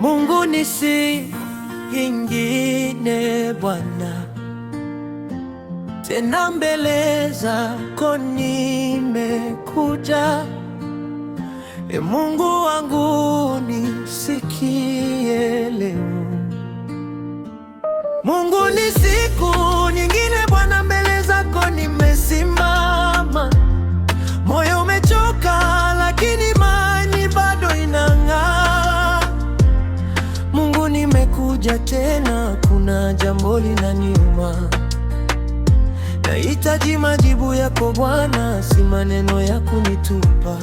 Mungu ni si ingine Bwana, tena mbele zako nimekuja. E Mungu wangu nisikie leo, Mungu ni siku kuja tena, kuna jambo linaniuma. Nahitaji majibu yako Bwana, si maneno ya kunitupa.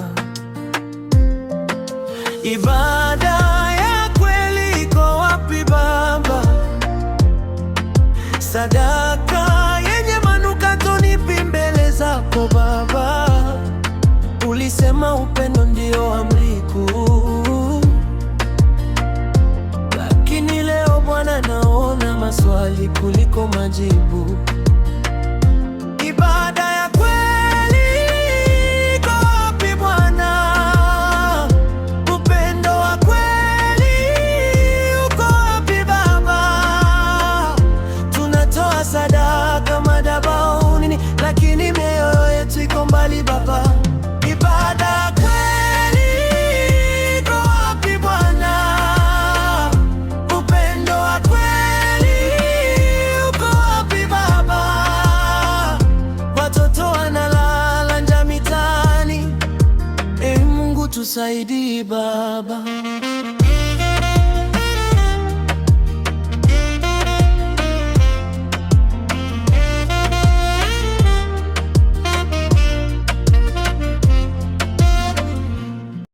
Ibada ya kweli iko wapi Baba? Sadaka yenye manukato nipi mbele zako Baba? Ulisema upendo ndio amri kuu maswali kuliko majibu. সুসাইডি বাবা